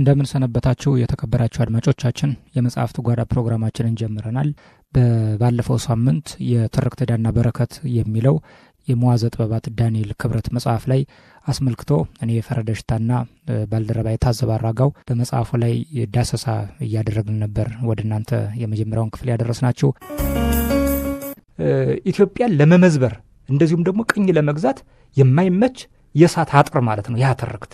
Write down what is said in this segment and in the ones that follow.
እንደምን ሰነበታችሁ የተከበራችሁ አድማጮቻችን፣ የመጽሐፍት ጓዳ ፕሮግራማችንን ጀምረናል። ባለፈው ሳምንት የትርክት ዳና በረከት የሚለው የመዋዘ ጥበባት ዳንኤል ክብረት መጽሐፍ ላይ አስመልክቶ እኔ የፈረደሽታና ባልደረባ የታዘበ አራጋው በመጽሐፉ ላይ ዳሰሳ እያደረግን ነበር። ወደ እናንተ የመጀመሪያውን ክፍል ናችሁ ኢትዮጵያን ለመመዝበር እንደዚሁም ደግሞ ቅኝ ለመግዛት የማይመች የእሳት አጥር ማለት ነው ያ ትርክት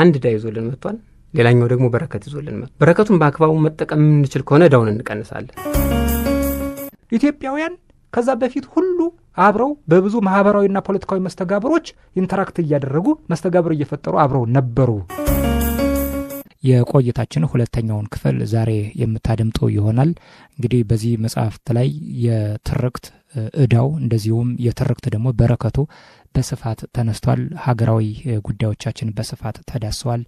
አንድ ዳ ይዞልን መጥቷል። ሌላኛው ደግሞ በረከት ይዞልን መጥ በረከቱን በአግባቡ መጠቀም የምንችል ከሆነ ዳውን እንቀንሳለን። ኢትዮጵያውያን ከዛ በፊት ሁሉ አብረው በብዙ ማህበራዊና ፖለቲካዊ መስተጋብሮች ኢንተራክት እያደረጉ መስተጋብር እየፈጠሩ አብረው ነበሩ። የቆይታችን ሁለተኛውን ክፍል ዛሬ የምታደምጡ ይሆናል። እንግዲህ በዚህ መጽሐፍት ላይ የትርክት እዳው እንደዚሁም የትርክት ደግሞ በረከቱ በስፋት ተነስቷል። ሀገራዊ ጉዳዮቻችን በስፋት ተዳሰዋል።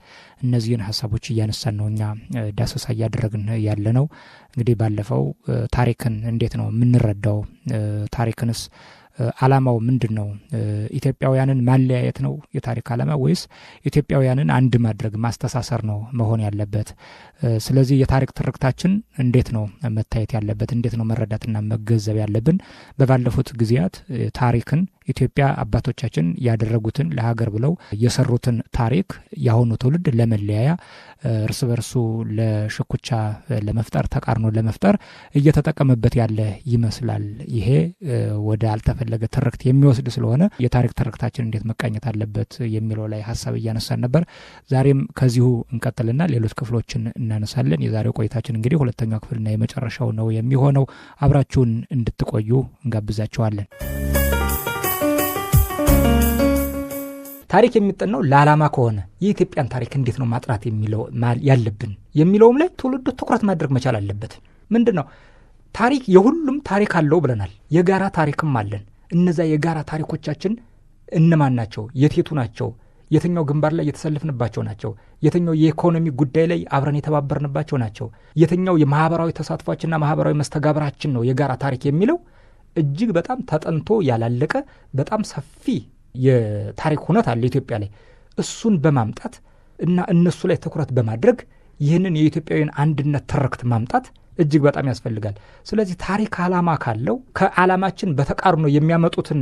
እነዚህን ሀሳቦች እያነሳን ነው እኛ ዳሰሳ እያደረግን ያለ ነው። እንግዲህ ባለፈው ታሪክን እንዴት ነው የምንረዳው ታሪክንስ አላማው ምንድን ነው? ኢትዮጵያውያንን ማለያየት ነው የታሪክ አላማ ወይስ ኢትዮጵያውያንን አንድ ማድረግ ማስተሳሰር ነው መሆን ያለበት? ስለዚህ የታሪክ ትርክታችን እንዴት ነው መታየት ያለበት? እንዴት ነው መረዳትና መገንዘብ ያለብን? በባለፉት ጊዜያት ታሪክን ኢትዮጵያ አባቶቻችን ያደረጉትን ለሀገር ብለው የሰሩትን ታሪክ የአሁኑ ትውልድ ለመለያያ እርስ በርሱ ለሽኩቻ ለመፍጠር ተቃርኖ ለመፍጠር እየተጠቀመበት ያለ ይመስላል። ይሄ ወደ አልተፈለገ ትርክት የሚወስድ ስለሆነ የታሪክ ትርክታችን እንዴት መቃኘት አለበት የሚለው ላይ ሀሳብ እያነሳን ነበር። ዛሬም ከዚሁ እንቀጥልና ሌሎች ክፍሎችን እናነሳለን። የዛሬው ቆይታችን እንግዲህ ሁለተኛው ክፍልና የመጨረሻው ነው የሚሆነው። አብራችሁን እንድትቆዩ እንጋብዛችኋለን። ታሪክ የሚጠናው ለዓላማ ከሆነ የኢትዮጵያን ታሪክ እንዴት ነው ማጥራት ያለብን የሚለውም ላይ ትውልዱ ትኩረት ማድረግ መቻል አለበት። ምንድን ነው ታሪክ የሁሉም ታሪክ አለው ብለናል። የጋራ ታሪክም አለን። እነዛ የጋራ ታሪኮቻችን እነማን ናቸው? የቴቱ ናቸው? የትኛው ግንባር ላይ የተሰለፍንባቸው ናቸው? የትኛው የኢኮኖሚ ጉዳይ ላይ አብረን የተባበርንባቸው ናቸው? የትኛው የማህበራዊ ተሳትፏችንና ማህበራዊ መስተጋብራችን ነው የጋራ ታሪክ የሚለው እጅግ በጣም ተጠንቶ ያላለቀ በጣም ሰፊ የታሪክ ሁነት አለ ኢትዮጵያ ላይ። እሱን በማምጣት እና እነሱ ላይ ትኩረት በማድረግ ይህንን የኢትዮጵያውያን አንድነት ትርክት ማምጣት እጅግ በጣም ያስፈልጋል። ስለዚህ ታሪክ ዓላማ ካለው ከዓላማችን በተቃርኖ የሚያመጡትን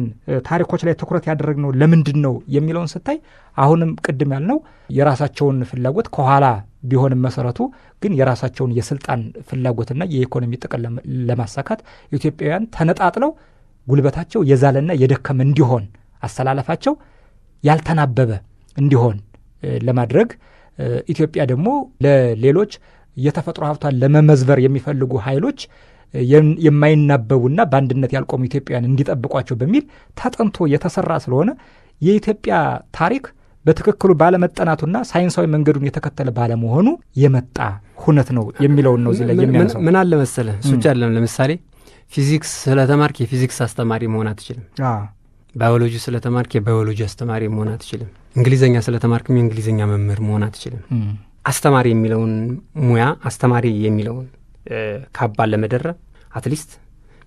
ታሪኮች ላይ ትኩረት ያደረግነው ለምንድን ነው የሚለውን ስታይ አሁንም ቅድም ያልነው የራሳቸውን ፍላጎት ከኋላ ቢሆንም መሰረቱ ግን የራሳቸውን የስልጣን ፍላጎትና የኢኮኖሚ ጥቅም ለማሳካት ኢትዮጵያውያን ተነጣጥለው ጉልበታቸው የዛለና የደከመ እንዲሆን አስተላለፋቸው ያልተናበበ እንዲሆን ለማድረግ ኢትዮጵያ ደግሞ ለሌሎች የተፈጥሮ ሀብቷን ለመመዝበር የሚፈልጉ ኃይሎች የማይናበቡና በአንድነት ያልቆሙ ኢትዮጵያውያን እንዲጠብቋቸው በሚል ተጠንቶ የተሰራ ስለሆነ የኢትዮጵያ ታሪክ በትክክሉ ባለመጠናቱና ሳይንሳዊ መንገዱን የተከተለ ባለመሆኑ የመጣ ሁነት ነው የሚለውን ነው እዚህ ላይ የሚያነሳው። ምን አለ መሰለህ፣ ለምሳሌ ፊዚክስ ስለተማርክ የፊዚክስ አስተማሪ መሆን አትችልም። ባዮሎጂ ስለተማርክ የባዮሎጂ አስተማሪ መሆን አትችልም። እንግሊዝኛ ስለተማርክም የእንግሊዝኛ መምህር መሆን አትችልም። አስተማሪ የሚለውን ሙያ አስተማሪ የሚለውን ካባ ለመደረብ አትሊስት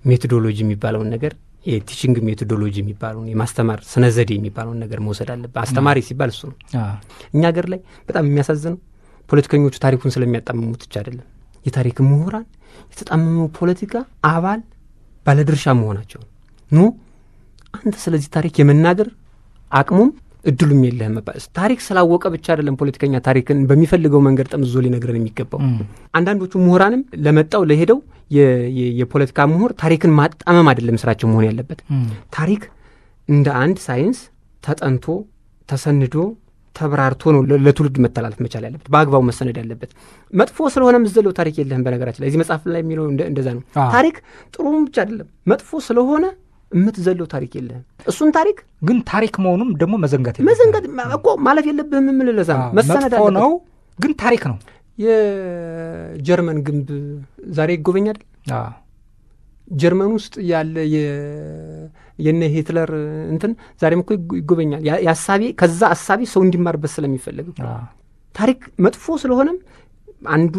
ሜቶዶሎጂ የሚባለውን ነገር የቲችንግ ሜቶዶሎጂ የሚባለውን የማስተማር ስነ ዘዴ የሚባለውን ነገር መውሰድ አለብህ። አስተማሪ ሲባል እሱ ነው። እኛ ሀገር ላይ በጣም የሚያሳዝነው ፖለቲከኞቹ ታሪኩን ስለሚያጣምሙት ብቻ አይደለም፣ የታሪክ ምሁራን የተጣመመው ፖለቲካ አባል ባለድርሻ መሆናቸው ነው። ኑ አንተ ስለዚህ ታሪክ የመናገር አቅሙም እድሉም የለህም። ታሪክ ስላወቀ ብቻ አይደለም ፖለቲከኛ ታሪክን በሚፈልገው መንገድ ጠምዞ ሊነግረን የሚገባው። አንዳንዶቹ ምሁራንም ለመጣው ለሄደው የፖለቲካ ምሁር ታሪክን ማጣመም አይደለም ስራቸው መሆን ያለበት። ታሪክ እንደ አንድ ሳይንስ ተጠንቶ ተሰንዶ ተብራርቶ ነው ለትውልድ መተላለፍ መቻል ያለበት፣ በአግባቡ መሰነድ ያለበት። መጥፎ ስለሆነ ምዘለው ታሪክ የለህም። በነገራችን ላይ እዚህ መጽሐፍ ላይ የሚለው እንደዛ ነው። ታሪክ ጥሩም ብቻ አይደለም መጥፎ ስለሆነ የምትዘለው ታሪክ የለህም። እሱን ታሪክ ግን ታሪክ መሆኑም ደግሞ መዘንጋት መዘንጋት እኮ ማለፍ የለብህም የምልለዛ መሰነድ ነው ግን ታሪክ ነው። የጀርመን ግንብ ዛሬ ይጎበኛል። ጀርመን ውስጥ ያለ የነ ሂትለር እንትን ዛሬም እኮ ይጎበኛል። የአሳቢ ከዛ አሳቢ ሰው እንዲማርበት ስለሚፈለግ ታሪክ መጥፎ ስለሆነም አንዱ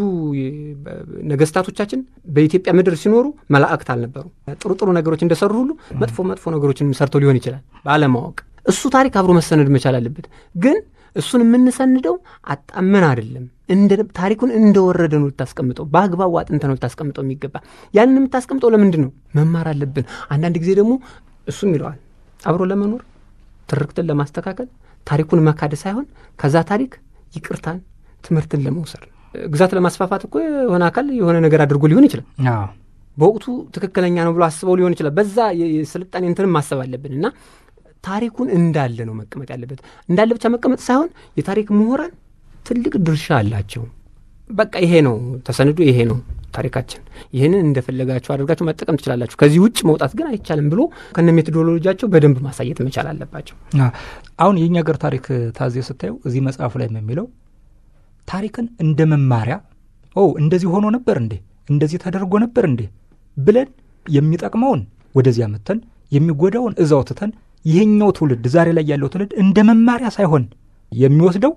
ነገስታቶቻችን በኢትዮጵያ ምድር ሲኖሩ መላእክት አልነበሩ። ጥሩ ጥሩ ነገሮች እንደሰሩ ሁሉ መጥፎ መጥፎ ነገሮችን ሰርተው ሊሆን ይችላል ባለማወቅ። እሱ ታሪክ አብሮ መሰነድ መቻል አለበት። ግን እሱን የምንሰንደው አጣመን አይደለም። ታሪኩን እንደወረደ ነው ልታስቀምጠው፣ በአግባቡ አጥንተ ነው ልታስቀምጠው የሚገባ። ያንን የምታስቀምጠው ለምንድን ነው? መማር አለብን። አንዳንድ ጊዜ ደግሞ እሱም ይለዋል አብሮ ለመኖር ትርክትን ለማስተካከል ታሪኩን መካድ ሳይሆን ከዛ ታሪክ ይቅርታን ትምህርትን ለመውሰድ ነው። ግዛት ለማስፋፋት እኮ የሆነ አካል የሆነ ነገር አድርጎ ሊሆን ይችላል። በወቅቱ ትክክለኛ ነው ብሎ አስበው ሊሆን ይችላል። በዛ ስልጣኔ እንትንም ማሰብ አለብን እና ታሪኩን እንዳለ ነው መቀመጥ ያለበት። እንዳለ ብቻ መቀመጥ ሳይሆን የታሪክ ምሁራን ትልቅ ድርሻ አላቸው። በቃ ይሄ ነው ተሰንዶ፣ ይሄ ነው ታሪካችን፣ ይህንን እንደፈለጋችሁ አድርጋችሁ መጠቀም ትችላላችሁ፣ ከዚህ ውጭ መውጣት ግን አይቻልም ብሎ ከነ ሜቶዶሎጂያቸው በደንብ ማሳየት መቻል አለባቸው። አሁን የእኛ ሀገር ታሪክ ታዜ ስታየው እዚህ መጽሐፉ ላይ የሚለው ታሪክን እንደ መማሪያ ኦ እንደዚህ ሆኖ ነበር እንዴ እንደዚህ ተደርጎ ነበር እንዴ ብለን የሚጠቅመውን ወደዚያ መተን የሚጎዳውን እዛው ትተን ይሄኛው ትውልድ ዛሬ ላይ ያለው ትውልድ እንደ መማሪያ ሳይሆን የሚወስደው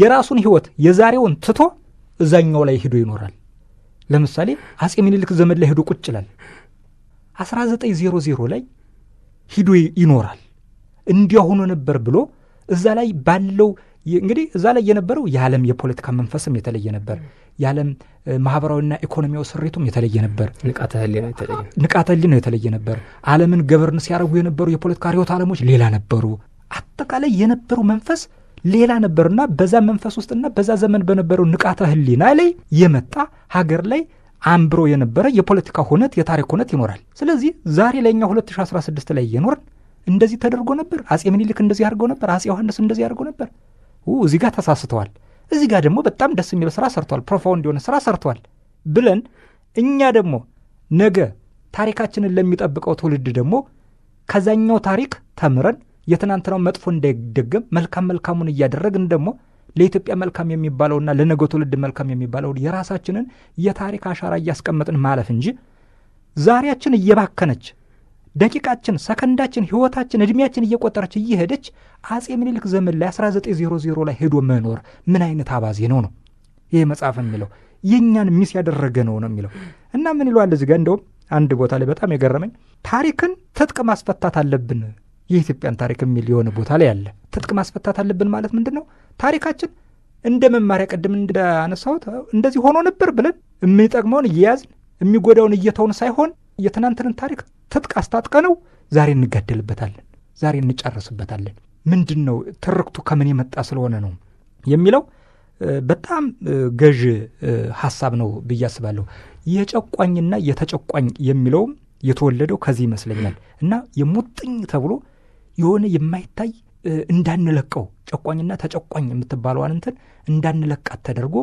የራሱን ህይወት የዛሬውን ትቶ እዛኛው ላይ ሂዶ ይኖራል። ለምሳሌ አጼ ሚኒልክ ዘመን ላይ ሂዶ ቁጭ ይላል። 1900 ላይ ሂዶ ይኖራል። እንዲያ ሆኖ ነበር ብሎ እዛ ላይ ባለው እንግዲህ እዛ ላይ የነበረው የዓለም የፖለቲካ መንፈስም የተለየ ነበር። የዓለም ማህበራዊና ኢኮኖሚያዊ ስሪቱም የተለየ ነበር። ንቃተ ህሊና የተለየ ነበር። ዓለምን ገበርን ሲያደርጉ የነበሩ የፖለቲካ ርዕዮተ ዓለሞች ሌላ ነበሩ። አጠቃላይ የነበረው መንፈስ ሌላ ነበርና በዛ መንፈስ ውስጥና በዛ ዘመን በነበረው ንቃተ ህሊና ላይ የመጣ ሀገር ላይ አንብሮ የነበረ የፖለቲካ ሁነት የታሪክ ሁነት ይኖራል። ስለዚህ ዛሬ ላይኛ 2016 ላይ እየኖርን እንደዚህ ተደርጎ ነበር፣ አጼ ምኒልክ እንደዚህ አድርገው ነበር፣ አጼ ዮሐንስ እንደዚህ አድርገው ነበር እዚህ ጋር ተሳስተዋል፣ እዚህ ጋር ደግሞ በጣም ደስ የሚል ስራ ሰርተዋል ፕሮፋውንድ የሆነ ስራ ሰርቷል ብለን እኛ ደግሞ ነገ ታሪካችንን ለሚጠብቀው ትውልድ ደግሞ ከዛኛው ታሪክ ተምረን የትናንትናው መጥፎ እንዳይደገም መልካም መልካሙን እያደረግን ደግሞ ለኢትዮጵያ መልካም የሚባለውና ለነገ ትውልድ መልካም የሚባለው የራሳችንን የታሪክ አሻራ እያስቀመጥን ማለፍ እንጂ ዛሬያችን እየባከነች ደቂቃችን፣ ሰከንዳችን፣ ህይወታችን፣ እድሜያችን እየቆጠረች እየሄደች አጼ ምኒልክ ዘመን ላይ 1900 ላይ ሄዶ መኖር ምን አይነት አባዜ ነው ነው ይህ መጽሐፍ የሚለው የእኛን ሚስ ያደረገ ነው ነው የሚለው እና ምን ይለዋል እዚህ ጋ እንደውም አንድ ቦታ ላይ በጣም የገረመኝ ታሪክን ትጥቅ ማስፈታት አለብን የኢትዮጵያን ታሪክ የሚል የሆነ ቦታ ላይ ያለ ትጥቅ ማስፈታት አለብን ማለት ምንድን ነው? ታሪካችን እንደ መማሪያ ቅድም እንዳነሳሁት እንደዚህ ሆኖ ነበር ብለን የሚጠቅመውን እየያዝን የሚጎዳውን እየተውን ሳይሆን የትናንትንን ታሪክ ትጥቅ አስታጥቀ ነው ዛሬ እንጋደልበታለን፣ ዛሬ እንጨርስበታለን። ምንድን ነው ትርክቱ ከምን የመጣ ስለሆነ ነው የሚለው በጣም ገዥ ሀሳብ ነው ብዬ አስባለሁ። የጨቋኝና የተጨቋኝ የሚለውም የተወለደው ከዚህ ይመስለኛል እና የሙጥኝ ተብሎ የሆነ የማይታይ እንዳንለቀው ጨቋኝና ተጨቋኝ የምትባለዋን እንትን እንዳንለቃት ተደርጎ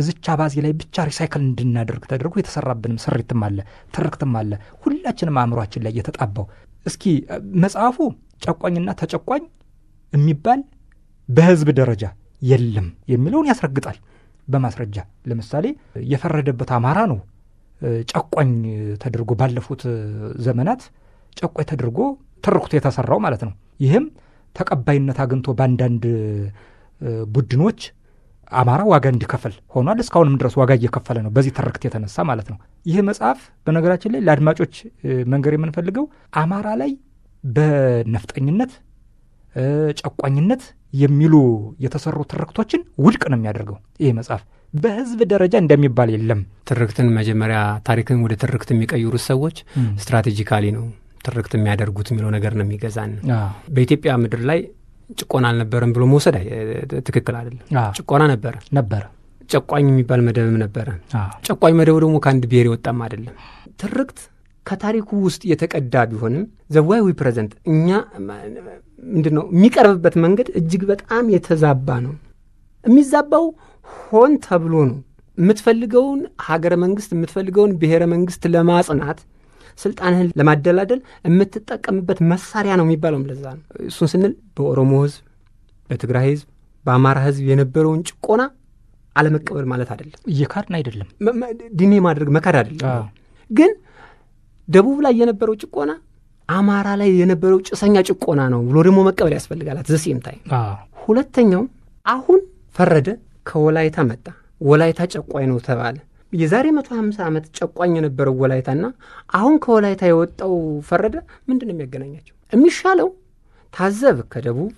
እዝቻ ባዜ ላይ ብቻ ሪሳይክል እንድናደርግ ተደርጎ የተሰራብንም ስሪትም አለ ትርክትም አለ። ሁላችንም አእምሯችን ላይ እየተጣባው እስኪ መጽሐፉ ጨቋኝና ተጨቋኝ የሚባል በህዝብ ደረጃ የለም የሚለውን ያስረግጣል በማስረጃ ለምሳሌ የፈረደበት አማራ ነው ጨቋኝ ተደርጎ ባለፉት ዘመናት ጨቋኝ ተደርጎ ትርክቱ የተሰራው ማለት ነው። ይህም ተቀባይነት አግኝቶ በአንዳንድ ቡድኖች አማራ ዋጋ እንዲከፈል ሆኗል። እስካሁንም ድረስ ዋጋ እየከፈለ ነው፣ በዚህ ትርክት የተነሳ ማለት ነው። ይህ መጽሐፍ በነገራችን ላይ ለአድማጮች መንገር የምንፈልገው አማራ ላይ በነፍጠኝነት ጨቋኝነት የሚሉ የተሰሩ ትርክቶችን ውድቅ ነው የሚያደርገው ይህ መጽሐፍ። በህዝብ ደረጃ እንደሚባል የለም። ትርክትን መጀመሪያ ታሪክን ወደ ትርክት የሚቀይሩት ሰዎች ስትራቴጂካሊ ነው ትርክት የሚያደርጉት የሚለው ነገር ነው የሚገዛን በኢትዮጵያ ምድር ላይ ጭቆና አልነበረም ብሎ መውሰድ ትክክል አይደለም። ጭቆና ነበረ ነበረ። ጨቋኝ የሚባል መደብም ነበረ። ጨቋኝ መደብ ደግሞ ከአንድ ብሔር የወጣም አይደለም። ትርክት ከታሪኩ ውስጥ የተቀዳ ቢሆንም ዘዋይ ዊ ፕሬዘንት እኛ ምንድን ነው የሚቀርብበት መንገድ እጅግ በጣም የተዛባ ነው። የሚዛባው ሆን ተብሎ ነው። የምትፈልገውን ሀገረ መንግስት የምትፈልገውን ብሔረ መንግስት ለማጽናት ስልጣንህን ለማደላደል የምትጠቀምበት መሳሪያ ነው የሚባለው ለዛ ነው። እሱን ስንል በኦሮሞ ህዝብ፣ በትግራይ ህዝብ፣ በአማራ ህዝብ የነበረውን ጭቆና አለመቀበል ማለት አይደለም። እየካድን አይደለም፣ ድኔ ማድረግ መካድ አይደለም። ግን ደቡብ ላይ የነበረው ጭቆና አማራ ላይ የነበረው ጭሰኛ ጭቆና ነው ብሎ ደግሞ መቀበል ያስፈልጋላት ዘሴም ታይ። ሁለተኛው አሁን ፈረደ ከወላይታ መጣ፣ ወላይታ ጨቋኝ ነው ተባለ። የዛሬ መቶ ሀምሳ ዓመት ጨቋኝ የነበረው ወላይታና አሁን ከወላይታ የወጣው ፈረደ ምንድን ነው የሚያገናኛቸው? የሚሻለው ታዘብ ከደቡብ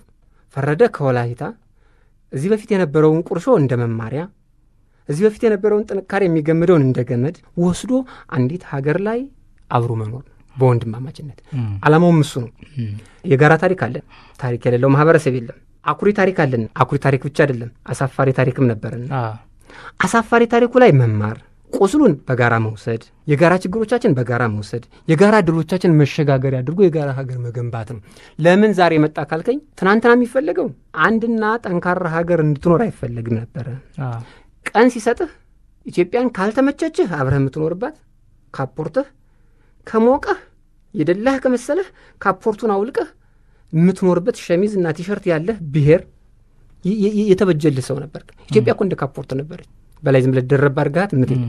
ፈረደ ከወላይታ እዚህ በፊት የነበረውን ቁርሾ እንደ መማሪያ እዚህ በፊት የነበረውን ጥንካሬ የሚገምደውን እንደ ገመድ ወስዶ አንዲት ሀገር ላይ አብሮ መኖር ነው በወንድማማችነት አላማውም እሱ ነው። የጋራ ታሪክ አለን። ታሪክ የሌለው ማህበረሰብ የለም። አኩሪ ታሪክ አለን። አኩሪ ታሪክ ብቻ አይደለም አሳፋሪ ታሪክም ነበርን። አሳፋሪ ታሪኩ ላይ መማር ቁስሉን በጋራ መውሰድ፣ የጋራ ችግሮቻችን በጋራ መውሰድ፣ የጋራ ድሎቻችን መሸጋገር ያድርጎ የጋራ ሀገር መገንባት ነው። ለምን ዛሬ መጣ ካልከኝ፣ ትናንትና የሚፈለገው አንድና ጠንካራ ሀገር እንድትኖር አይፈለግም ነበረ። ቀን ሲሰጥህ ኢትዮጵያን ካልተመቸችህ አብረህ የምትኖርባት ካፖርትህ ከሞቀህ የደላህ ከመሰለህ ካፖርቱን አውልቀህ የምትኖርበት ሸሚዝ እና ቲሸርት ያለህ ብሔር የተበጀልህ ሰው ነበር። ኢትዮጵያ እኮ እንደ ካፖርት ነበረች። በላይ ዝም ብለህ ድርብ አድርጋት የምትል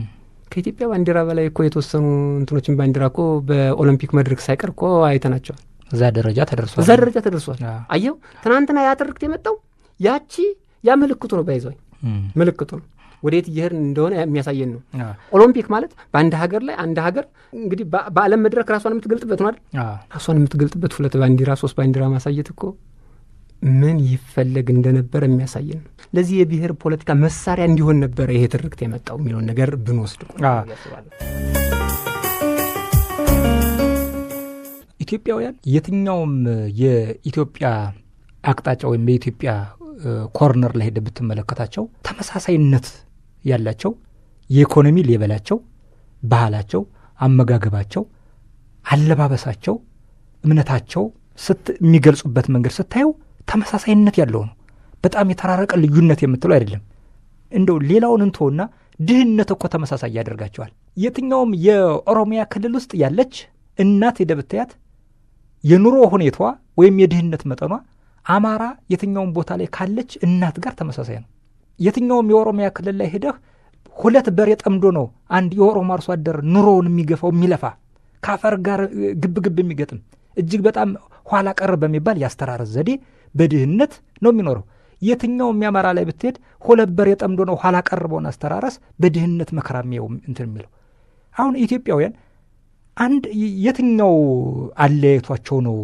ከኢትዮጵያ ባንዲራ በላይ እኮ የተወሰኑ እንትኖችን ባንዲራ እኮ በኦሎምፒክ መድረክ ሳይቀር እኮ አይተናቸዋል። እዛ ደረጃ ተደርሷል። እዛ ደረጃ ተደርሷል። አየው ትናንትና ያ የመጣው ያቺ ያ ምልክቱ ነው። በይዘኝ ምልክቱ ነው ወዴት እየሄድን እንደሆነ የሚያሳየን ነው። ኦሎምፒክ ማለት በአንድ ሀገር ላይ አንድ ሀገር እንግዲህ በዓለም መድረክ ራሷን የምትገልጥበት ነው አይደል? ራሷን የምትገልጥበት ሁለት ባንዲራ ሶስት ባንዲራ ማሳየት እኮ ምን ይፈለግ እንደነበረ የሚያሳይ ነው። ለዚህ የብሔር ፖለቲካ መሳሪያ እንዲሆን ነበረ ይሄ ትርክት የመጣው የሚለውን ነገር ብንወስድ ኢትዮጵያውያን የትኛውም የኢትዮጵያ አቅጣጫ ወይም የኢትዮጵያ ኮርነር ላይ ሄደ ብትመለከታቸው ተመሳሳይነት ያላቸው የኢኮኖሚ ሌበላቸው፣ ባህላቸው፣ አመጋገባቸው፣ አለባበሳቸው፣ እምነታቸው የሚገልጹበት መንገድ ስታየው ተመሳሳይነት ያለው ነው። በጣም የተራረቀ ልዩነት የምትለው አይደለም። እንደው ሌላውን እንትሆና ድህነት እኮ ተመሳሳይ ያደርጋቸዋል። የትኛውም የኦሮሚያ ክልል ውስጥ ያለች እናት የደብታያት የኑሮ ሁኔታዋ ወይም የድህነት መጠኗ አማራ የትኛውም ቦታ ላይ ካለች እናት ጋር ተመሳሳይ ነው። የትኛውም የኦሮሚያ ክልል ላይ ሄደህ ሁለት በሬ ጠምዶ ነው አንድ የኦሮሞ አርሶ አደር ኑሮውን የሚገፋው የሚለፋ ከአፈር ጋር ግብግብ የሚገጥም እጅግ በጣም ኋላ ቀር በሚባል ያስተራረስ ዘዴ በድህነት ነው የሚኖረው። የትኛው የሚያመራ ላይ ብትሄድ ሆለበር የጠምዶ ጠምዶ ነው ኋላ ቀርበውን አስተራረስ በድህነት መከራ የሚየው እንትን የሚለው አሁን ኢትዮጵያውያን አንድ የትኛው አለያየቷቸው ነው?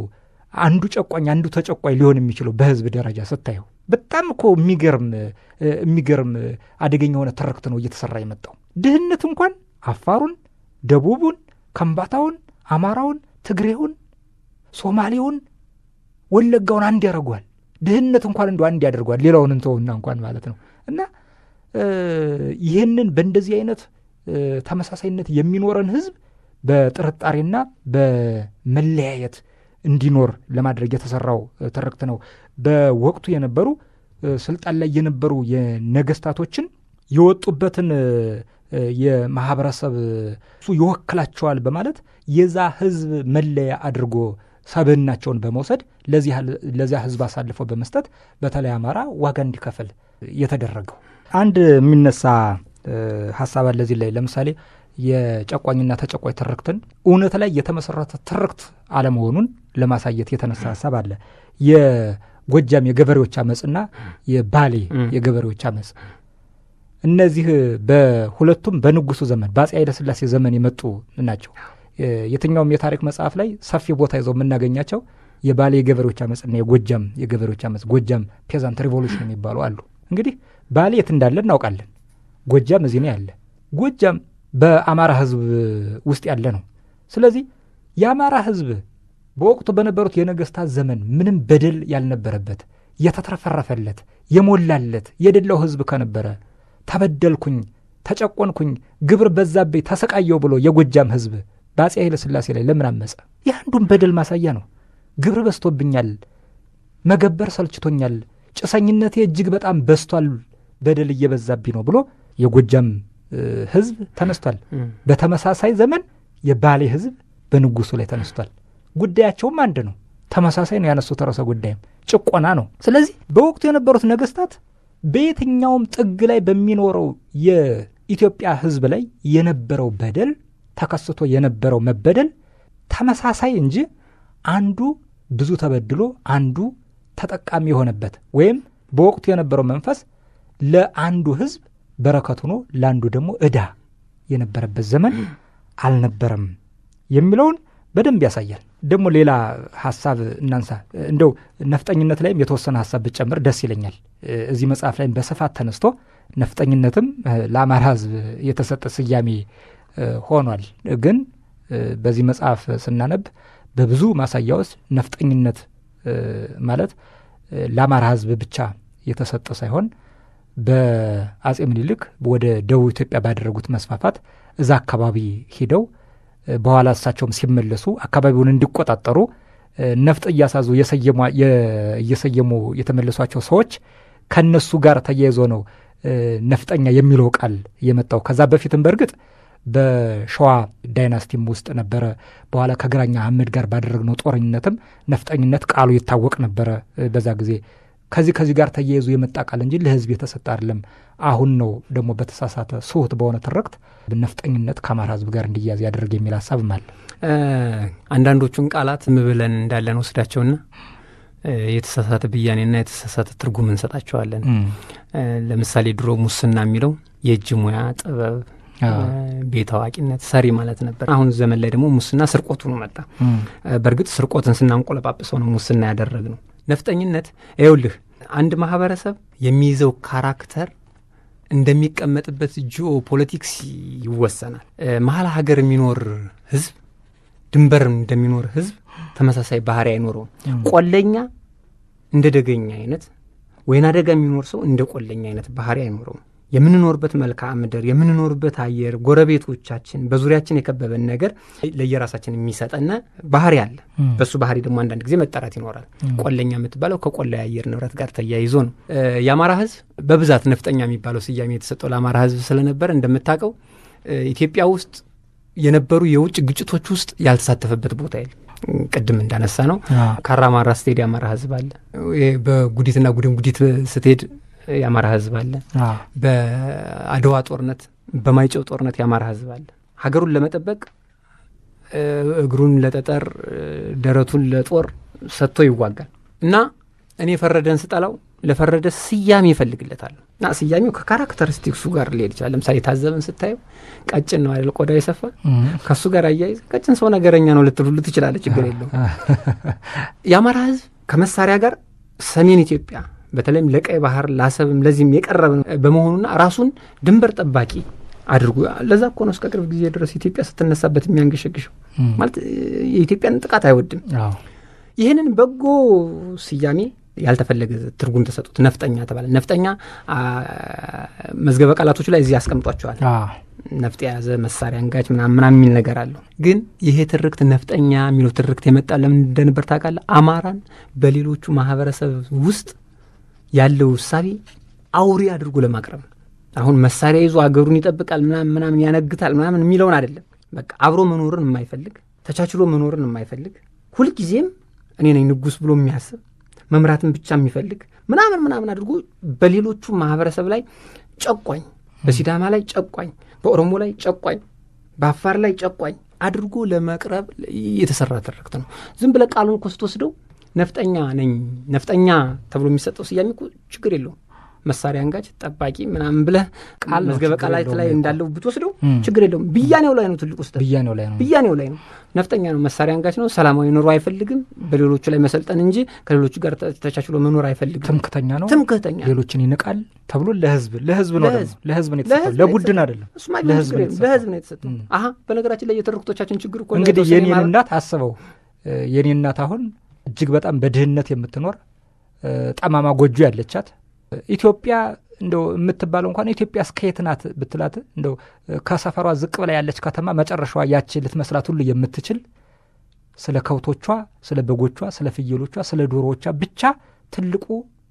አንዱ ጨቋኝ አንዱ ተጨቋኝ ሊሆን የሚችለው በህዝብ ደረጃ ስታየው በጣም እኮ የሚገርም የሚገርም አደገኛ የሆነ ትርክት ነው እየተሰራ የመጣው። ድህነት እንኳን አፋሩን፣ ደቡቡን፣ ከምባታውን፣ አማራውን፣ ትግሬውን፣ ሶማሌውን ወለጋውን አንድ ያደርጓል። ድህነት እንኳን እንደ አንድ ያደርጓል። ሌላውን እንተውና እንኳን ማለት ነው እና ይህንን በእንደዚህ አይነት ተመሳሳይነት የሚኖረን ህዝብ በጥርጣሬና በመለያየት እንዲኖር ለማድረግ የተሰራው ትርክት ነው። በወቅቱ የነበሩ ስልጣን ላይ የነበሩ የነገስታቶችን የወጡበትን የማህበረሰብ እሱ ይወክላቸዋል በማለት የዛ ህዝብ መለያ አድርጎ ሰብህናቸውን በመውሰድ ለዚያ ህዝብ አሳልፎ በመስጠት በተለይ አማራ ዋጋ እንዲከፍል የተደረገው አንድ የሚነሳ ሀሳብ አለ እዚህ ላይ ለምሳሌ የጨቋኝና ተጨቋኝ ትርክትን እውነት ላይ የተመሰረተ ትርክት አለመሆኑን ለማሳየት የተነሳ ሀሳብ አለ። የጎጃም የገበሬዎች አመፅና የባሌ የገበሬዎች አመፅ እነዚህ በሁለቱም በንጉሱ ዘመን በአፄ ኃይለስላሴ ዘመን የመጡ ናቸው። የትኛውም የታሪክ መጽሐፍ ላይ ሰፊ ቦታ ይዘው የምናገኛቸው የባሌ የገበሬዎች አመፅና የጎጃም የገበሬዎች አመፅ ጎጃም ፔዛንት ሪቮሉሽን የሚባሉ አሉ። እንግዲህ ባሌ የት እንዳለ እናውቃለን። ጎጃም እዚህ ነው ያለ። ጎጃም በአማራ ህዝብ ውስጥ ያለ ነው። ስለዚህ የአማራ ህዝብ በወቅቱ በነበሩት የነገስታት ዘመን ምንም በደል ያልነበረበት የተትረፈረፈለት የሞላለት የደላው ህዝብ ከነበረ ተበደልኩኝ፣ ተጨቆንኩኝ፣ ግብር በዛብኝ፣ ተሰቃየው ብሎ የጎጃም ህዝብ? በአጼ ስላሴ ላይ ለምን አመፀ? ይህ አንዱን በደል ማሳያ ነው። ግብር በስቶብኛል መገበር ሰልችቶኛል፣ ጭሰኝነቴ እጅግ በጣም በስቷል በደል እየበዛብኝ ነው ብሎ የጎጃም ህዝብ ተነስቷል። በተመሳሳይ ዘመን የባሌ ህዝብ በንጉሱ ላይ ተነስቷል። ጉዳያቸውም አንድ ነው። ተመሳሳይ ነው ያነሱት ርዕሰ ጉዳይም ጭቆና ነው። ስለዚህ በወቅቱ የነበሩት ነገስታት በየትኛውም ጥግ ላይ በሚኖረው የኢትዮጵያ ህዝብ ላይ የነበረው በደል ተከስቶ የነበረው መበደል ተመሳሳይ እንጂ አንዱ ብዙ ተበድሎ አንዱ ተጠቃሚ የሆነበት ወይም በወቅቱ የነበረው መንፈስ ለአንዱ ህዝብ በረከት ሆኖ ለአንዱ ደግሞ እዳ የነበረበት ዘመን አልነበረም የሚለውን በደንብ ያሳያል። ደግሞ ሌላ ሀሳብ እናንሳ። እንደው ነፍጠኝነት ላይም የተወሰነ ሀሳብ ብጨምር ደስ ይለኛል። እዚህ መጽሐፍ ላይም በስፋት ተነስቶ ነፍጠኝነትም ለአማራ ህዝብ የተሰጠ ስያሜ ሆኗል። ግን በዚህ መጽሐፍ ስናነብ በብዙ ማሳያ ውስጥ ነፍጠኝነት ማለት ለአማራ ህዝብ ብቻ የተሰጠ ሳይሆን በአጼ ምኒልክ ወደ ደቡብ ኢትዮጵያ ባደረጉት መስፋፋት እዛ አካባቢ ሂደው በኋላ እሳቸውም ሲመለሱ አካባቢውን እንዲቆጣጠሩ ነፍጥ እያሳዙ እየሰየሙ የተመለሷቸው ሰዎች ከነሱ ጋር ተያይዞ ነው ነፍጠኛ የሚለው ቃል የመጣው። ከዛ በፊትም በእርግጥ በሸዋ ዳይናስቲም ውስጥ ነበረ። በኋላ ከግራኛ አህመድ ጋር ባደረግነው ጦረኝነትም ነፍጠኝነት ቃሉ ይታወቅ ነበረ በዛ ጊዜ። ከዚህ ከዚህ ጋር ተያይዞ የመጣ ቃል እንጂ ለህዝብ የተሰጠ አይደለም። አሁን ነው ደግሞ በተሳሳተ ስሁት በሆነ ትርክት ነፍጠኝነት ከአማራ ህዝብ ጋር እንዲያዝ ያደረገ የሚል ሀሳብም አለ። አንዳንዶቹን ቃላት ምብለን ብለን እንዳለን ወስዳቸውና የተሳሳተ ብያኔና የተሳሳተ ትርጉም እንሰጣቸዋለን። ለምሳሌ ድሮ ሙስና የሚለው የእጅ ሙያ ጥበብ ቤት አዋቂነት ሰሪ ማለት ነበር። አሁን ዘመን ላይ ደግሞ ሙስና ስርቆት ሆኖ መጣ። በእርግጥ ስርቆትን ስናንቆለጳጵሰው ነው ሙስና ያደረግ ነው። ነፍጠኝነት ይውልህ አንድ ማህበረሰብ የሚይዘው ካራክተር እንደሚቀመጥበት ጂኦ ፖለቲክስ ይወሰናል። መሀል ሀገር የሚኖር ህዝብ ድንበር እንደሚኖር ህዝብ ተመሳሳይ ባህሪ አይኖረውም። ቆለኛ እንደ ደገኛ አይነት ወይን አደጋ የሚኖር ሰው እንደ ቆለኛ አይነት ባህሪ አይኖረውም። የምንኖርበት መልክዓ ምድር፣ የምንኖርበት አየር፣ ጎረቤቶቻችን፣ በዙሪያችን የከበበን ነገር ለየራሳችን የሚሰጠና ባህሪ አለ። በሱ ባህሪ ደግሞ አንዳንድ ጊዜ መጠራት ይኖራል። ቆለኛ የምትባለው ከቆላ የአየር ንብረት ጋር ተያይዞ ነው። የአማራ ህዝብ በብዛት ነፍጠኛ የሚባለው ስያሜ የተሰጠው ለአማራ ህዝብ ስለነበረ እንደምታውቀው ኢትዮጵያ ውስጥ የነበሩ የውጭ ግጭቶች ውስጥ ያልተሳተፈበት ቦታ የለም። ቅድም እንዳነሳ ነው ካራማራ ስትሄድ የአማራ ህዝብ አለ። በጉዲትና ጉድን ጉዲት ስትሄድ የአማራ ህዝብ አለ። በአድዋ ጦርነት፣ በማይጨው ጦርነት የአማራ ህዝብ አለ። ሀገሩን ለመጠበቅ እግሩን ለጠጠር ደረቱን ለጦር ሰጥቶ ይዋጋል እና እኔ የፈረደን ስጠላው ለፈረደ ስያሜ ይፈልግለታል እና ስያሜው ከካራክተሪስቲክሱ ጋር ሊሄድ ይችላል። ለምሳሌ ታዘብን ስታየው ቀጭን ነው አይደል? ቆዳ የሰፋ ከእሱ ጋር አያይዘ ቀጭን ሰው ነገረኛ ነው ልትሉሉ ትችላለች። ችግር የለው የአማራ ህዝብ ከመሳሪያ ጋር ሰሜን ኢትዮጵያ በተለይም ለቀይ ባህር ለአሰብም ለዚህም የቀረበ በመሆኑና ራሱን ድንበር ጠባቂ አድርጉ ለዛ እኮ ነው እስከ ቅርብ ጊዜ ድረስ ኢትዮጵያ ስትነሳበት የሚያንገሸግሸው። ማለት የኢትዮጵያን ጥቃት አይወድም። ይህንን በጎ ስያሜ ያልተፈለገ ትርጉም ተሰጡት። ነፍጠኛ ተባለ። ነፍጠኛ መዝገበ ቃላቶች ላይ እዚህ ያስቀምጧቸዋል። ነፍጥ የያዘ መሳሪያ እንጋጭ ምናምን የሚል ነገር አለው። ግን ይሄ ትርክት ነፍጠኛ የሚለው ትርክት የመጣ ለምን እንደነበር ታውቃለህ? አማራን በሌሎቹ ማህበረሰብ ውስጥ ያለው ውሳቤ አውሬ አድርጎ ለማቅረብ ነው። አሁን መሳሪያ ይዞ አገሩን ይጠብቃል ምናምን ምናምን ያነግታል ምናምን የሚለውን አይደለም። በቃ አብሮ መኖርን የማይፈልግ ተቻችሎ መኖርን የማይፈልግ ሁልጊዜም እኔ ነኝ ንጉስ ብሎ የሚያስብ መምራትን ብቻ የሚፈልግ ምናምን ምናምን አድርጎ በሌሎቹ ማህበረሰብ ላይ ጨቋኝ፣ በሲዳማ ላይ ጨቋኝ፣ በኦሮሞ ላይ ጨቋኝ፣ በአፋር ላይ ጨቋኝ አድርጎ ለመቅረብ የተሰራ ትርክት ነው። ዝም ብለህ ቃሉን ኮስት ወስደው ነፍጠኛ ነኝ ነፍጠኛ ተብሎ የሚሰጠው ስያሜ ችግር የለውም። መሳሪያ አንጋጅ፣ ጠባቂ ምናምን ብለ ቃል መዝገበ ቃላት ላይ እንዳለው ብትወስደው ችግር የለውም። ብያኔው ላይ ነው ትልቁ ስህተት። ብያኔው ላይ ነው። ነፍጠኛ ነው፣ መሳሪያ አንጋጅ ነው፣ ሰላማዊ ኑሮ አይፈልግም። በሌሎቹ ላይ መሰልጠን እንጂ ከሌሎቹ ጋር ተቻችሎ መኖር አይፈልግም። ትምክተኛ ነው፣ ትምክተኛ ሌሎችን ይንቃል ተብሎ ለህዝብ ለህዝብ ነው ደግሞ ለህዝብ ነው የተሰጠው፣ ለቡድን አይደለም፣ ለህዝብ ነው የተሰጠው። አሀ በነገራችን ላይ የተረክቶቻችን ችግር እኮ እንግዲህ የኔን እናት አስበው የኔ እናት አሁን እጅግ በጣም በድህነት የምትኖር ጠማማ ጎጆ ያለቻት ኢትዮጵያ እንደው የምትባለው እንኳን ኢትዮጵያ እስከ ናት ብትላት እንደው ከሰፈሯ ዝቅ ብላ ያለች ከተማ መጨረሻዋ ያች ልትመስላት ሁሉ የምትችል ስለ ከብቶቿ፣ ስለ በጎቿ፣ ስለ ፍየሎቿ፣ ስለ ዶሮዎቿ ብቻ ትልቁ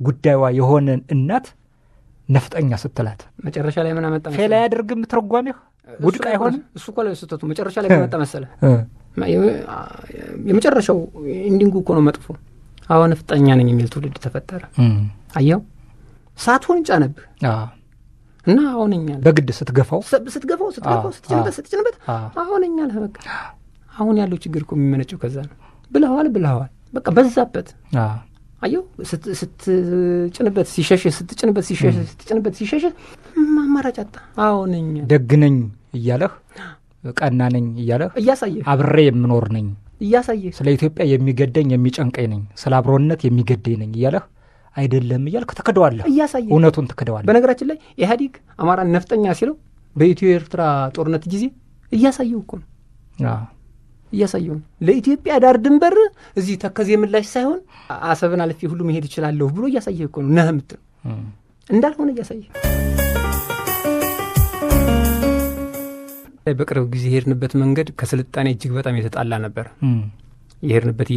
ጉዳይዋ የሆነን እናት ነፍጠኛ ስትላት መጨረሻ ላይ ምን አመጣ? ፌላ ያደርግም ትርጓሜህ ውድቅ አይሆንም። እሱ እኮ ላይ ስህተቱ መጨረሻ ላይ ከመጣ መሰለ የመጨረሻው ኢንዲንጉ እኮ ነው መጥፎ። አሁን ፍጠኛ ነኝ የሚል ትውልድ ተፈጠረ። አየው ሳትሆን ጫነብህ እና አሁነኛል በግድ ስትገፋው ስትገፋው ስትገፋው ስትጭንበት ስትጭንበት በቃ አሁን ያለው ችግር እኮ የሚመነጨው ከዛ ነው። ብለዋል ብለዋል በቃ በዛበት። አየው ስትጭንበት ሲሸሽ፣ ስትጭንበት ሲሸሽ ስትጭንበት ሲሸሽ ማማራጫጣ አጣ። ደግነኝ እያለህ ቀና ነኝ እያለ እያሳየ አብሬ የምኖር ነኝ እያሳየ ስለ ኢትዮጵያ የሚገደኝ የሚጨንቀኝ ነኝ ስለ አብሮነት የሚገደኝ ነኝ እያለህ አይደለም እያልክ ትክደዋለህ፣ እያሳየ እውነቱን ትክደዋለህ። በነገራችን ላይ ኢህአዲግ አማራን ነፍጠኛ ሲለው በኢትዮ ኤርትራ ጦርነት ጊዜ እያሳየው እኮ ነው እያሳየው ነው። ለኢትዮጵያ ዳር ድንበር እዚህ ተከዜ ምላሽ ሳይሆን አሰብን አልፌ ሁሉ መሄድ እችላለሁ ብሎ እያሳየ እኮ ነው ነህ እንዳልሆነ እያሳየ በቅርብ ጊዜ የሄድንበት መንገድ ከስልጣኔ እጅግ በጣም የተጣላ ነበር። የሄድንበት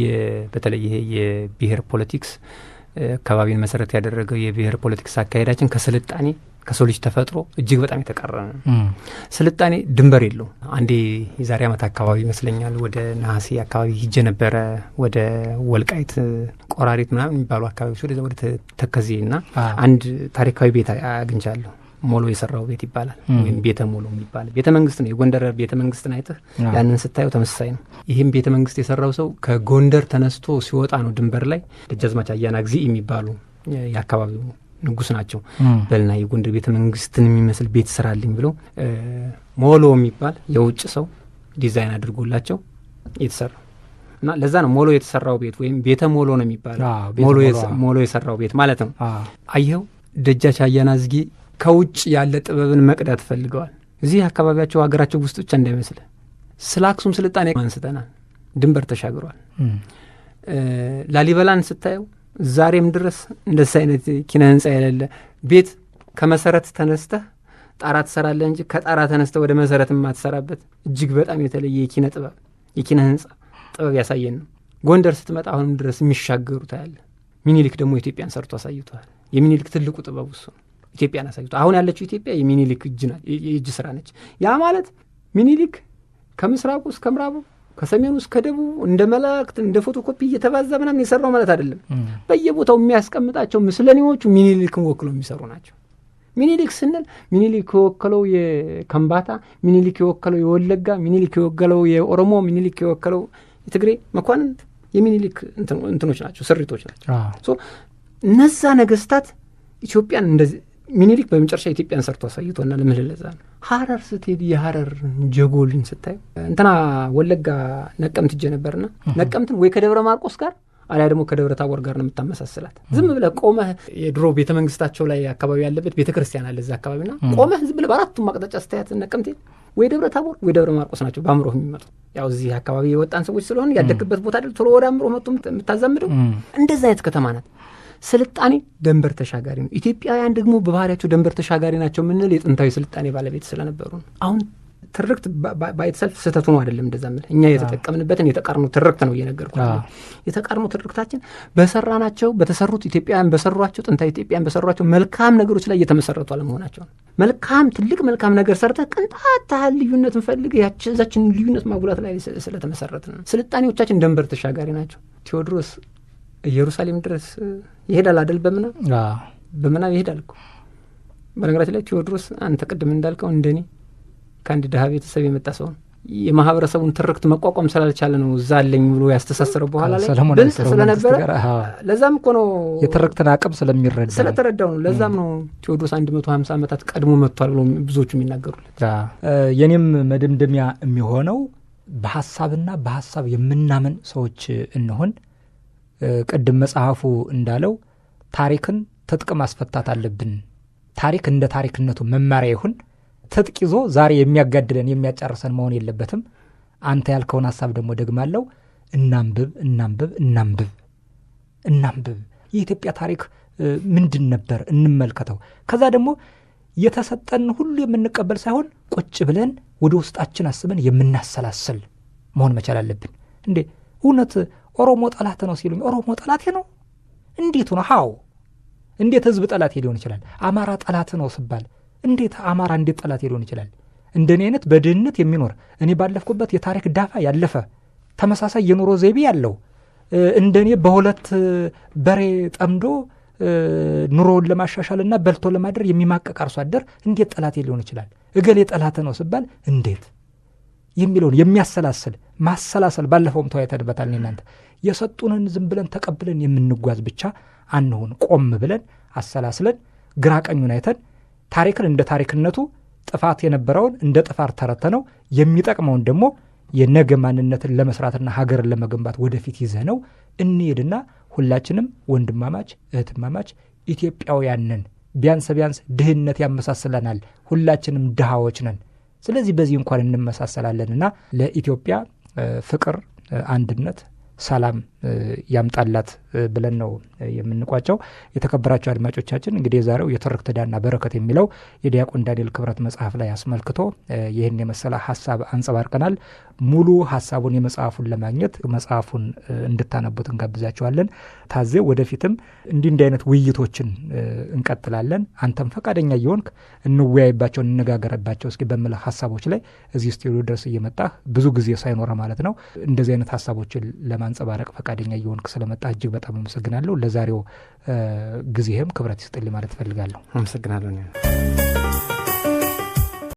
በተለይ ይሄ የብሄር ፖለቲክስ አካባቢን መሰረት ያደረገው የብሔር ፖለቲክስ አካሄዳችን ከስልጣኔ ከሰው ልጅ ተፈጥሮ እጅግ በጣም የተቃረነ ስልጣኔ ድንበር የለው። አንዴ የዛሬ ዓመት አካባቢ ይመስለኛል ወደ ነሐሴ አካባቢ ሂጀ ነበረ ወደ ወልቃይት ቆራሪት ምናምን የሚባሉ አካባቢዎች ወደ ተከዜ እና አንድ ታሪካዊ ቤት አግኝቻለሁ። ሞሎ የሰራው ቤት ይባላል ወይም ቤተ ሞሎ የሚባል ቤተ መንግስት ነው። የጎንደር ቤተ መንግስትን አይተህ ያንን ስታየው ተመሳሳይ ነው። ይህም ቤተ መንግስት የሰራው ሰው ከጎንደር ተነስቶ ሲወጣ ነው። ድንበር ላይ ደጃዝማች አያና አያናግዜ የሚባሉ የአካባቢው ንጉስ ናቸው። በልና የጎንደር ቤተ መንግስትን የሚመስል ቤት ስራልኝ ብለው ሞሎ የሚባል የውጭ ሰው ዲዛይን አድርጎላቸው የተሰራ እና ለዛ ነው ሞሎ የተሰራው ቤት ወይም ቤተ ሞሎ ነው የሚባለው ሞሎ የሰራው ቤት ማለት ነው። አይኸው ደጃች ዝጌ ከውጭ ያለ ጥበብን መቅዳት ፈልገዋል። እዚህ አካባቢያቸው ሀገራቸው ውስጥ ብቻ እንዳይመስል ስለ አክሱም ስልጣኔ አንስተናል። ድንበር ተሻግሯል። ላሊበላን ስታየው ዛሬም ድረስ እንደዚህ አይነት ኪነ ህንፃ የሌለ ቤት ከመሰረት ተነስተህ ጣራ ትሰራለህ እንጂ ከጣራ ተነስተህ ወደ መሰረት የማትሰራበት እጅግ በጣም የተለየ የኪነ ጥበብ የኪነ ህንፃ ጥበብ ያሳየን ነው። ጎንደር ስትመጣ አሁንም ድረስ የሚሻገሩ ታያለ። ሚኒሊክ ደግሞ ኢትዮጵያን ሰርቶ አሳይተዋል። የሚኒሊክ ትልቁ ጥበብ እሱ ነው። ኢትዮጵያን አሳይቶ አሁን ያለችው ኢትዮጵያ የሚኒሊክ እጅ ስራ ነች። ያ ማለት ሚኒሊክ ከምስራቁ እስከ ምዕራቡ ከሰሜኑ እስከ ደቡብ እንደ መላእክት እንደ ፎቶኮፒ እየተባዛ ምናምን የሰራው ማለት አይደለም። በየቦታው የሚያስቀምጣቸው ምስለኔዎቹ ሚኒሊክን ወክለው የሚሰሩ ናቸው። ሚኒሊክ ስንል ሚኒሊክ የወከለው የከምባታ፣ ሚኒሊክ የወከለው የወለጋ፣ ሚኒሊክ የወከለው የኦሮሞ፣ ሚኒሊክ የወከለው የትግሬ መኳንንት የሚኒሊክ እንትኖች ናቸው፣ ስሪቶች ናቸው። እነዛ ነገስታት ኢትዮጵያን እንደዚህ ሚኒሊክ በመጨረሻ ኢትዮጵያን ሰርቶ አሳይቶናል። ምልህ ለዛ ነው ሀረር ስትሄድ የሀረር ጀጎልን ስታዩ እንትና ወለጋ ነቀምት ሄጄ ነበርና ነቀምትን ወይ ከደብረ ማርቆስ ጋር አሊያ ደግሞ ከደብረ ታቦር ጋር ነው የምታመሳስላት። ዝም ብለህ ቆመህ የድሮ ቤተ መንግስታቸው ላይ አካባቢ ያለበት ቤተ ክርስቲያን አለ እዛ ና ቆመህ ዝም ብለህ በአራቱም አቅጣጫ ስታያት ነቀምቴ ወይ ደብረ ታቦር ወይ ደብረ ማርቆስ ናቸው በአእምሮህ የሚመጡ። ያው እዚህ አካባቢ የወጣን ሰዎች ስለሆነ ያደግበት ቦታ አይደል ቶሎ ወደ አእምሮህ መጡ የምታዛምደው እንደዛ አይነት ከተማ ናት። ስልጣኔ ደንበር ተሻጋሪ ነው። ኢትዮጵያውያን ደግሞ በባህሪያቸው ደንበር ተሻጋሪ ናቸው የምንል የጥንታዊ ስልጣኔ ባለቤት ስለነበሩ ነው። አሁን ትርክት ባይተሰልፍ ስህተቱ ነው አይደለም፣ እንደዛ ምል እኛ የተጠቀምንበትን የተቃርኖ ትርክት ነው እየነገርኩ የተቃርኖ ትርክታችን ናቸው በተሰሩት ኢትዮጵያውያን በሰሯቸው ጥንታዊ ኢትዮጵያውያን በሰሯቸው መልካም ነገሮች ላይ እየተመሰረቱ አለመሆናቸው ነው። መልካም ትልቅ መልካም ነገር ሰርተ ቅንጣት ታህል ልዩነት እንፈልግ ያችን ልዩነት ማጉላት ላይ ነው። ስልጣኔዎቻችን ደንበር ተሻጋሪ ናቸው። ቴዎድሮስ ኢየሩሳሌም ድረስ ይሄዳል አደል? በምናብ በምናብ ይሄዳል እኮ። በነገራችን ላይ ቴዎድሮስ አንተ ቅድም እንዳልከው እንደኔ ከአንድ ድሀ ቤተሰብ የመጣ ሰው ነው። የማህበረሰቡን ትርክት መቋቋም ስላልቻለ ነው እዛ አለኝ ብሎ ያስተሳሰረው። በኋላ ላይ ብልጥ ስለነበረ ለዛም እኮ ነው የትርክትን አቅም ስለሚረዳ ስለተረዳው ነው። ለዛም ነው ቴዎድሮስ አንድ መቶ ሀምሳ ዓመታት ቀድሞ መጥቷል ብሎ ብዙዎቹ የሚናገሩለት። የኔም መደምደሚያ የሚሆነው በሀሳብና በሀሳብ የምናምን ሰዎች እንሆን ቅድም መጽሐፉ እንዳለው ታሪክን ትጥቅ ማስፈታት አለብን። ታሪክ እንደ ታሪክነቱ መማሪያ ይሁን። ትጥቅ ይዞ ዛሬ የሚያጋድለን የሚያጨርሰን መሆን የለበትም። አንተ ያልከውን ሀሳብ ደግሞ ደግማለው። እናንብብ፣ እናንብብ፣ እናንብብ፣ እናንብብ። የኢትዮጵያ ታሪክ ምንድን ነበር እንመልከተው። ከዛ ደግሞ የተሰጠን ሁሉ የምንቀበል ሳይሆን ቁጭ ብለን ወደ ውስጣችን አስበን የምናሰላስል መሆን መቻል አለብን። እንዴ እውነት ኦሮሞ ጠላት ነው ሲሉኝ ኦሮሞ ጠላቴ ነው እንዴቱ ነው ሀው እንዴት ህዝብ ጠላቴ ሊሆን ይችላል? አማራ ጠላት ነው ስባል እንዴት አማራ እንዴት ጠላቴ ሊሆን ይችላል? እንደኔ አይነት በድህነት የሚኖር እኔ ባለፍኩበት የታሪክ ዳፋ ያለፈ ተመሳሳይ የኑሮ ዘይቤ ያለው እንደኔ በሁለት በሬ ጠምዶ ኑሮውን እና በልቶ ለማደር የሚማቀቅ አርሶ አደር እንዴት ጠላቴ ሊሆን ይችላል? እገሌ ጠላት ነው ስባል እንዴት የሚለውን የሚያሰላስል ማሰላሰል ባለፈውም ተወያይተንበታል። እናንተ የሰጡንን ዝም ብለን ተቀብለን የምንጓዝ ብቻ አንሆን። ቆም ብለን አሰላስለን ግራ ቀኙን አይተን ታሪክን እንደ ታሪክነቱ ጥፋት የነበረውን እንደ ጥፋት ተረተነው የሚጠቅመውን ደግሞ የነገ ማንነትን ለመስራትና ሀገርን ለመገንባት ወደፊት ይዘ ነው እንሄድና ሁላችንም ወንድማማች እህትማማች ኢትዮጵያውያንን ቢያንስ ቢያንስ ድህነት ያመሳስለናል። ሁላችንም ድሃዎች ነን። ስለዚህ በዚህ እንኳን እንመሳሰላለንና ለኢትዮጵያ ፍቅር፣ አንድነት ሰላም ያምጣላት ብለን ነው የምንቋጨው። የተከበራቸው አድማጮቻችን እንግዲህ የዛሬው የትርክት ዕዳና በረከት የሚለው የዲያቆን ዳንኤል ክብረት መጽሐፍ ላይ አስመልክቶ ይህን የመሰለ ሀሳብ አንጸባርቀናል። ሙሉ ሀሳቡን የመጽሐፉን ለማግኘት መጽሐፉን እንድታነቡት እንጋብዛችኋለን። ታዜ ወደፊትም እንዲህ እንዲህ አይነት ውይይቶችን እንቀጥላለን። አንተም ፈቃደኛ እየሆንክ እንወያይባቸው፣ እንነጋገርባቸው እስኪ በምል ሀሳቦች ላይ እዚህ ስቱዲዮ ድረስ እየመጣህ ብዙ ጊዜ ሳይኖረ ማለት ነው እንደዚህ አይነት ሀሳቦችን ለማ ለማንጸባረቅ ፈቃደኛ እየሆንክ ስለመጣ እጅግ በጣም አመሰግናለሁ። ለዛሬው ጊዜህም ክብረት ይስጥልኝ ማለት እፈልጋለሁ። አመሰግናለሁ።